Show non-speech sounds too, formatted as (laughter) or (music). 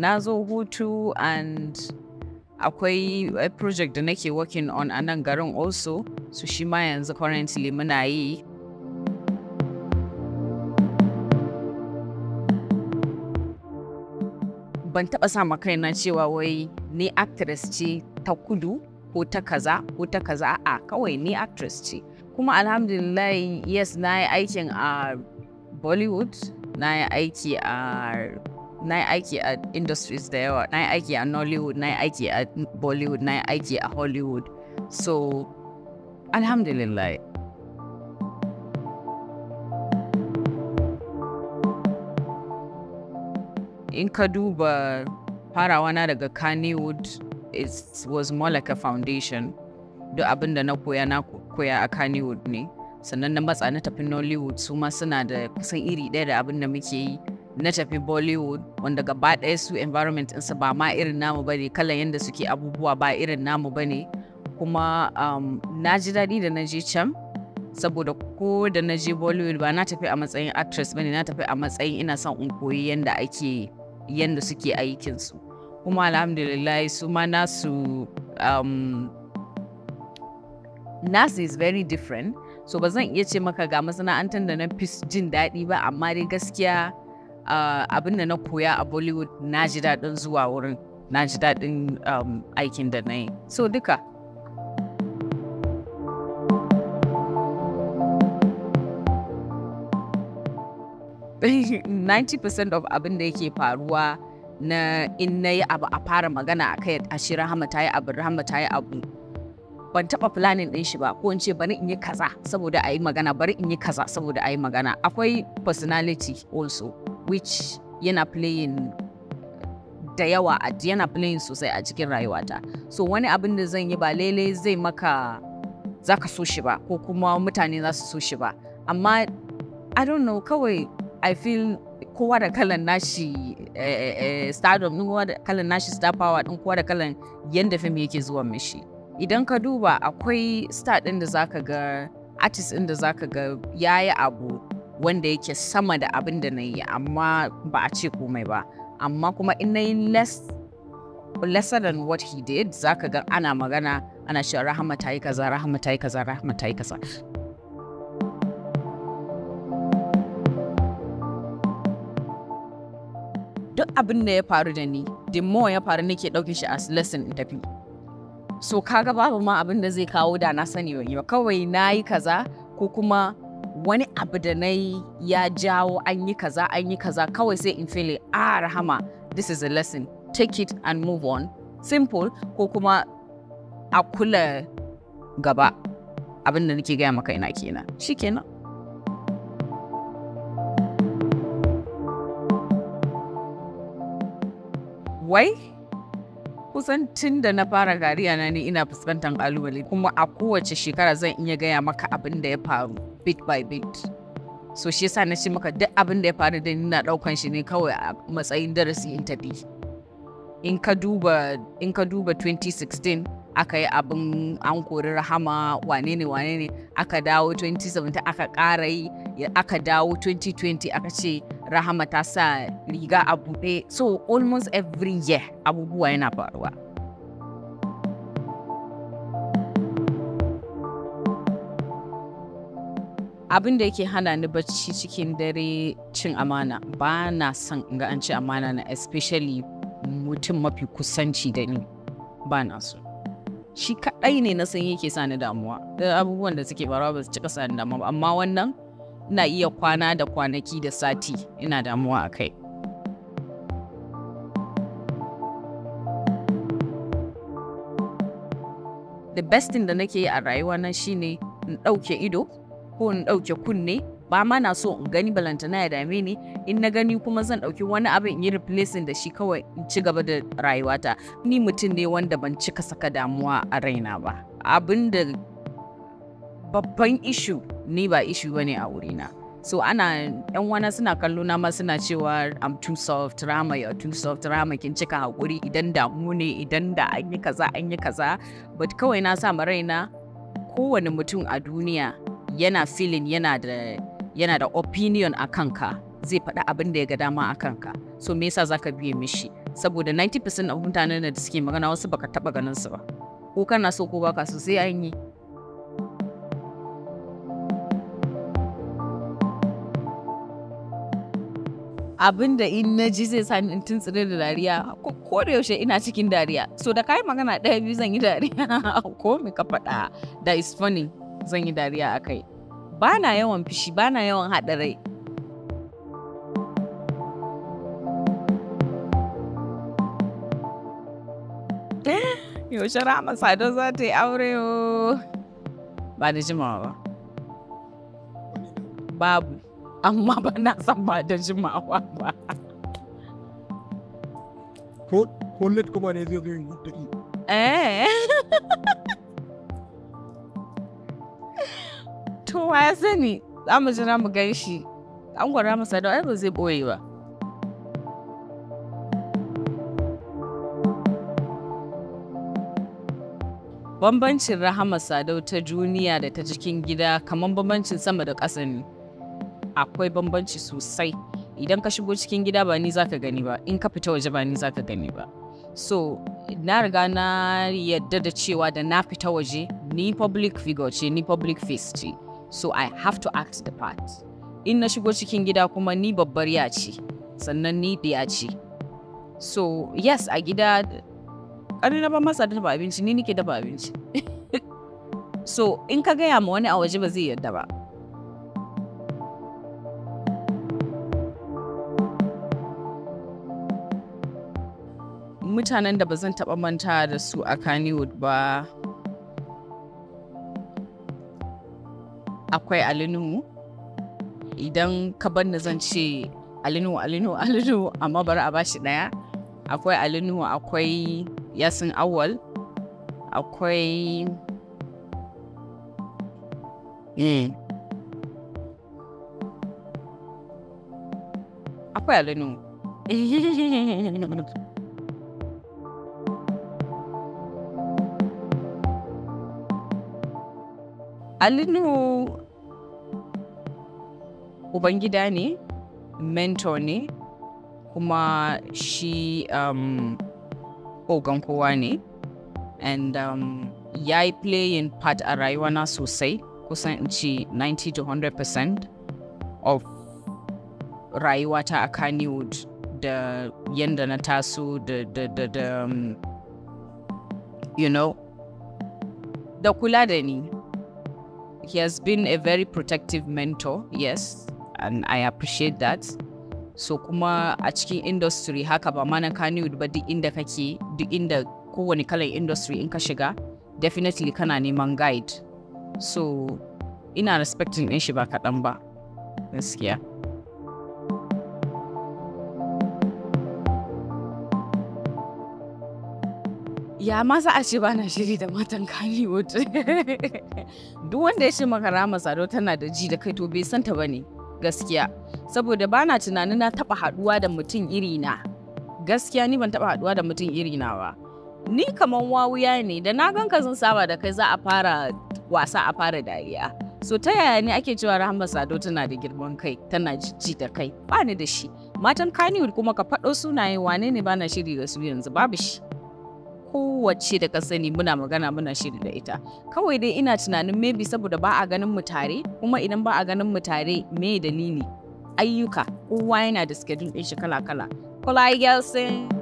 na zo hutu and akwai eh, project da nake working on a nan garin also su shi ma yanzu currently muna yi ban taɓa sa ma kaina cewa wai ni actress ce ta kudu ko ta kaza ko ta kaza a kawai ni actress ce kuma alhamdulillah yes na yi aikin a bollywood na yi aiki a na yi aiki a industries da yawa na yi aiki a nollywood na yi aiki a bollywood na yi aiki a hollywood so alhamdulillah in ka duba farawa na daga Kannywood it was more like a foundation duk abin da na koya na koya a Kannywood ne sannan na matsa na tafi Nollywood su ma suna da kusan iri ɗaya da abin da muke yi na tafi bollywood wanda gaba ɗaya su environment ɗinsa ba ma irin namu bane kalan yadda suke abubuwa ba irin namu bane kuma um, na ji daɗi da na je can saboda ko da na je bollywood ba na tafi a matsayin actress bane na tafi a matsayin ina son in koyi yadda ake yadda suke aikinsu kuma alhamdulillah su ma nasu um, nasu is very different so ba zan iya ce maka ga masana'antar da na fi jin daɗi ba amma dai gaskiya Ah, abin da na koya a bollywood na ji daɗin zuwa wurin na ji daɗin um, aikin da na yi so duka (laughs) percent of abin da yake faruwa na in na yi abu a fara magana a kai a shi rahama ta yi abu rahama ta yi abu ban taɓa planning ɗin shi ba ko in ce bari in yi kaza saboda a yi magana bari in yi kaza saboda a yi magana akwai personality also which yana playing da yawa yana playing sosai a cikin rayuwata so wani abin da zan yi ba lele zai maka za ka so shi ba ko kuma mutane za su so shi ba amma i don't know kawai i feel kowa da kalan nashi eh, eh, eh, stardom din kowa da kalan nashi star power din kowa da kalan yanda fim yake zuwa mishi idan ka duba akwai star din da zaka ga artist din da zaka ga yayi abu wanda yake sama da abin da na yi amma ba a ce komai ba amma kuma in na yi less than what he did za ka ga ana magana ana shi rahama ta yi kaza rahama ta yi kaza rahama ta yi kaza duk abin da ya faru da ni the more ya faru nake ɗauke shi as lesson in tafi so kaga babu ma abin da zai kawo da na sani ba kawai na yi kaza ko kuma wani abu da na yi ya jawo an yi kaza an yi kaza kawai sai in fili a ah, rahama this is a lesson take it and move on simple ko kuma a kula gaba abin da nake gaya maka ina kenan shikenan wai kusan tun da na fara gariya na ne ina fuskantar kalubale kuma a kowace shekara zan iya gaya maka abin da ya faru bit by bit so shi yasa na ce maka duk abin da ya faru da ni na daukan shi ne kawai a matsayin darasi in bi in ka duba in ka duba 2016 aka yi abin an kori rahama wane ne wane ne aka dawo 2017 aka ƙara yi aka dawo 2020 aka ce rahama ta sa riga a buɗe so almost every year abubuwa yana faruwa abin da yake hana ni bacci cikin dare cin amana ba na son ga an ci amana na especially mutum mafi kusanci da ni ba na so shi kaɗai ne na san yake sani damuwa da abubuwan da suke faruwa ba su cika sani damuwa ba amma wannan ina iya kwana da kwanaki da sati ina damuwa a kai the best thing da nake yi a rayuwa na shine in ɗauke ido ko in ɗauke kunne ba ma na so in gani balantana ya dame ni in na gani kuma zan ɗauki wani abu in yi replacing da shi kawai in ci gaba da rayuwata ni mutum ne wanda ban cika saka damuwa a raina ba abin da babban ishu ni ba ishu ba ne a wurina so ana yan wana suna kallo na ma suna cewa i'm too soft rama ya too soft rama kin cika hakuri idan damu ne idan da an yi kaza an yi kaza but kawai na sa raina kowane mutum a duniya yana feeling yana da yana da opinion a kanka zai faɗi abin da ya ga dama a kanka so me yasa zaka biye mishi saboda 90% of mutanen da suke magana wasu baka taba ganin su ba ko kana so ko baka so sai an yi abin da in na ji zai sa ni in tuntsire da dariya ko da yaushe ina cikin dariya so da kai magana ɗaya biyu zan yi dariya (laughs) ko me ka faɗa da is funny zan yi dariya akai bana yawan fishi bana yawan haɗa rai (laughs) yaushe rama sado za ta yi aure ba da jimawa ba babu amma ba na san ba da jimawa ba ko kuma ne zai yi yin eh (laughs) kowa ya sani za mu jira mu gan shi an gwara masa da ai ba zai boye ba bambancin rahama sadau ta duniya da ta cikin gida kamar bambancin sama da ƙasa ne akwai bambanci sosai idan ka shigo cikin gida ba ni za ka gani ba in ka fita waje ba ni za ka gani ba so na riga na yadda da cewa da na fita waje ni public figure ce ni public face ce so I have to act the part. In na shigo cikin gida kuma ni babbar ya ce, sannan ni ɗaya ce. So yes a gida ƙari na ban masa dafa abinci ni nike dafa abinci. (laughs) so in ka gaya ma wani a waje ba zai yarda ba. Mutanen da ba zan taɓa manta da su a Kannywood ba akwai alinu idan ka banna zan ce alinu alinu alinu amma bari a bashi ɗaya akwai alinu akwai yasin awal akwai eh, akwai alinu (laughs) Alinu Ubangida ne, mentor ne, kuma shi um, ogan kowa ne. And um, ya yi playing part a rayuwana sosai, kusan in ce 90 100% of rayuwata a Kannywood da yanda na taso da, da, da, da um, you know, da kula da ni. He has been a very protective mentor, yes, and I appreciate that. So kuma a cikin industry haka ba mana ka ba duk inda kake, duk inda kowane kalan industry in ka shiga, definitely kana neman guide. So ina respecting din shi ba kaɗan ba. Gaskiya. ya masa za a ce ba na shiri da matan Kannywood. Duk wanda ya ce maka Rama Sado tana da ji da kai to bai santa ba ne gaskiya. Saboda ba na tunanin na taɓa haɗuwa da mutum iri na. Gaskiya ni ban taba haɗuwa da mutum iri na ba. Ni kaman wawuya ne da na ganka zan saba da kai za a fara wasa a fara dariya. So ta yaya ne ake cewa Rahama Sado tana da girman kai, tana jijji da kai, ba ni da shi. Matan Kannywood kuma ka faɗo sunaye wane ne ba na shiri da su yanzu babu shi. kowace da ka sani muna magana muna shiri da ita kawai dai ina tunanin maybe saboda ba a ganin mu tare kuma idan ba a ganin mu tare me dalili ayyuka kowa yana da schedule din shi kala-kala Kolai Gelsin.